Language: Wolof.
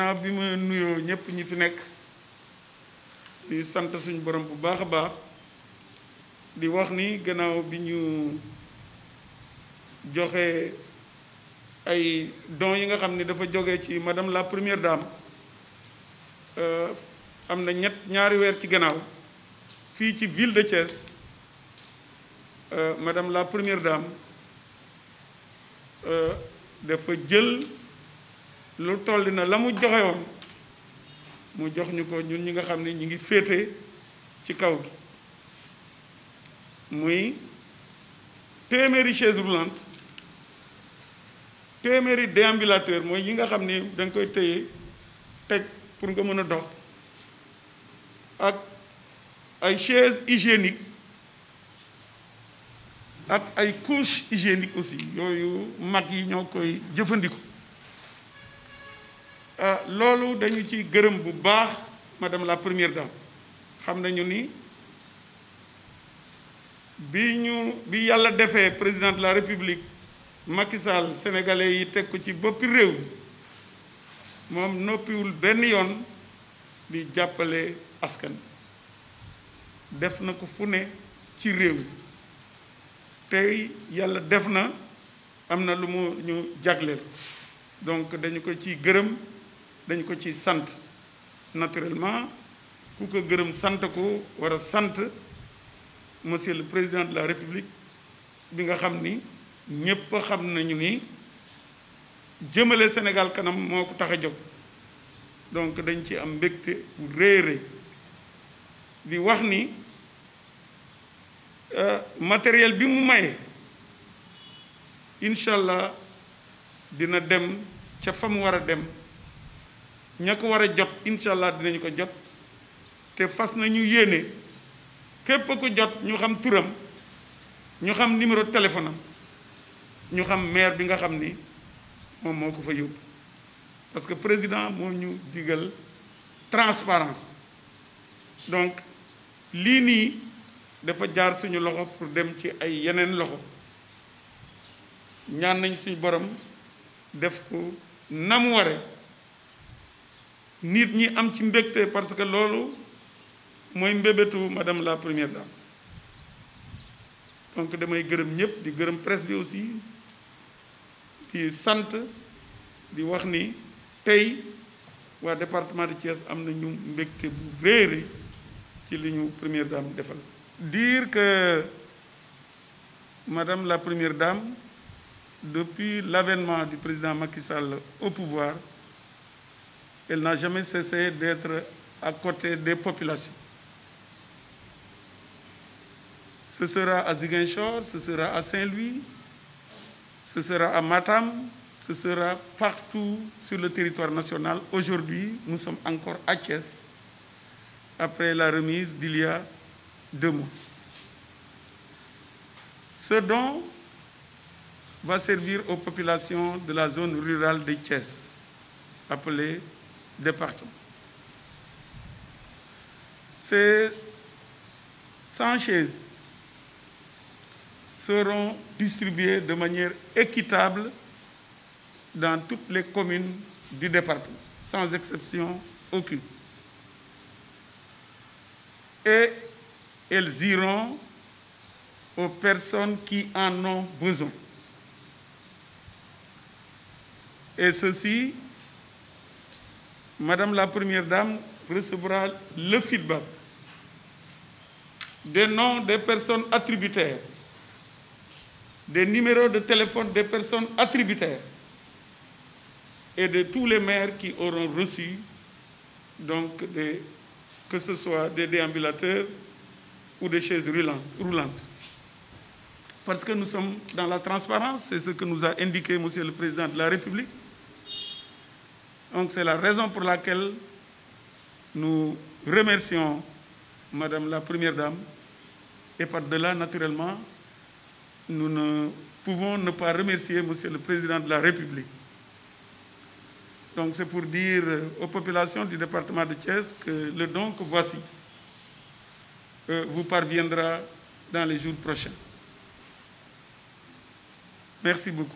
gannaaw bi ma nuyoo ñëpp ñi fi nekk di sant suñu borom bu baax a baax di wax ni gannaaw bi ñu joxe ay don yi nga xam ne dafa jóge ci madame la première dame euh, am na ñett ñaari weer ci gannaaw fii ci ville de Thiès euh, madame la première dame euh, dafa jël. lu toll na la mu joxe woon mu jox ñu ko ñun ñi nga xam ni ñu ngi féete ci kaw gi muy téeméeri chaise roulante téeméeri déambulateur mooy yi nga xam ni da nga koy téye teg pour nga mën a dox ak ay chaise hygiénique ak ay couche hygiénique aussi yooyu mag yi ñoo koy jëfandikoo Ah, loolu dañu ci gërëm bu baax ma dem la première dame xam nañu ni bi ñu bi yàlla defee président de la république makisal Sall yi teg ko ci boppi réew moom noppiwul benn yoon di jàppale askan def na ko fu ne ci réew tey yàlla def na am na lu mu ñu jagleel donc dañu ko ci gërëm dañ ko ci sant naturellement ku ko gërëm sant ko war a sant monsieur le président de la république bi nga xam ni ñépp xam nañu ni jëmale Sénégal kanam moo ko tax a jóg donc dañ ci am mbégte bu réere li wax ni euh, matériel bi mu maye incha allah dina dem ca fa mu war a dem ña ko war a jot incha allah dinañu ko jot te fas nañu yéene képp ko jot ñu xam turam ñu xam numéro téléphone ñu xam maire bi nga xam ni moom moo ko fa yóbbu parce que président moo ñu digal transparence donc lii nii dafa jaar suñu loxo pour dem ci ay yeneen loxo ñaan nañ suñ borom def ko na mu ware nit ñi am ci mbégte parce que loolu mooy mbébétu madame la première dame donc damay gërëm ñëpp di gërëm presse bi aussi di sant di wax ni tey waa département de Thiès am nañu mbégte bu réere ci li ñu première dame defal dire que madame la première dame depuis l'avènement du président Macky Sall au pouvoir elle n'a jamais cessé d'être à côté des populations. Ce sera à Ziguinchor, ce sera à Saint-Louis, ce sera à Matam, ce sera partout sur le territoire national. Aujourd'hui, nous sommes encore à Thiès, après la remise d'il y a deux mois. Ce va servir aux populations de la zone rurale de Thiès, appelée département. Ces 100 chaises seront distribuées de manière équitable dans toutes les communes du département, sans exception aucune. Et elles iront aux personnes qui en ont besoin. Et ceci Madame la Première Dame recevra le feedback des noms des personnes attributaires, des numéros de téléphone des personnes attributaires et de tous les maires qui auront reçu, donc des, que ce soit des déambulateurs ou des chaises roulantes. Parce que nous sommes dans la transparence, c'est ce que nous a indiqué Monsieur le Président de la République. Donc c'est la raison pour laquelle nous remercions Madame la Première Dame et par-delà, naturellement, nous ne pouvons ne pas remercier Monsieur le Président de la République. Donc c'est pour dire aux populations du département de Thiès que le don que voici euh, vous parviendra dans les jours prochains. Merci beaucoup.